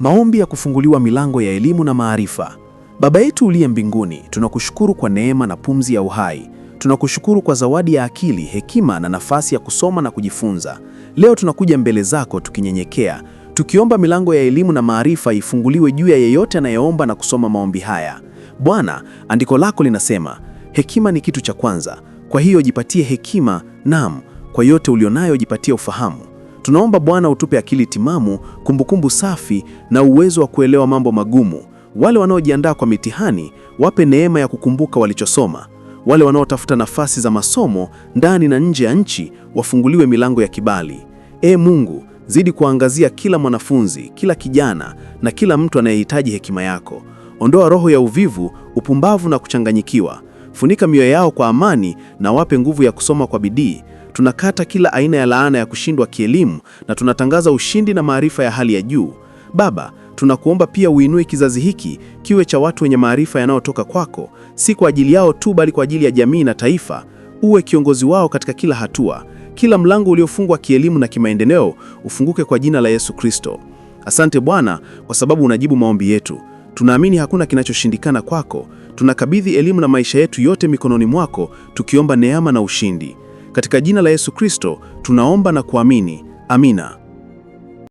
Maombi ya kufunguliwa milango ya elimu na maarifa. Baba yetu uliye mbinguni, tunakushukuru kwa neema na pumzi ya uhai. Tunakushukuru kwa zawadi ya akili, hekima na nafasi ya kusoma na kujifunza. Leo tunakuja mbele zako tukinyenyekea, tukiomba milango ya elimu na maarifa ifunguliwe juu ya yeyote anayeomba na kusoma maombi haya. Bwana, andiko lako linasema, hekima ni kitu cha kwanza. Kwa hiyo jipatie hekima, naam, kwa yote ulionayo jipatie ufahamu. Tunaomba Bwana utupe akili timamu, kumbukumbu safi na uwezo wa kuelewa mambo magumu. Wale wanaojiandaa kwa mitihani, wape neema ya kukumbuka walichosoma. Wale wanaotafuta nafasi za masomo ndani na nje ya nchi, wafunguliwe milango ya kibali. E Mungu, zidi kuangazia kila mwanafunzi, kila kijana na kila mtu anayehitaji hekima yako. Ondoa roho ya uvivu, upumbavu na kuchanganyikiwa. Funika mioyo yao kwa amani na wape nguvu ya kusoma kwa bidii. Tunakata kila aina ya laana ya kushindwa kielimu na tunatangaza ushindi na maarifa ya hali ya juu. Baba, tunakuomba pia uinue kizazi hiki kiwe cha watu wenye maarifa yanayotoka kwako, si kwa ajili yao tu, bali kwa ajili ya jamii na taifa. Uwe kiongozi wao katika kila hatua. Kila mlango uliofungwa kielimu na kimaendeleo ufunguke kwa jina la Yesu Kristo. Asante Bwana, kwa sababu unajibu maombi yetu. Tunaamini hakuna kinachoshindikana kwako. Tunakabidhi elimu na maisha yetu yote mikononi mwako, tukiomba neema na ushindi. Katika jina la Yesu Kristo tunaomba na kuamini. Amina.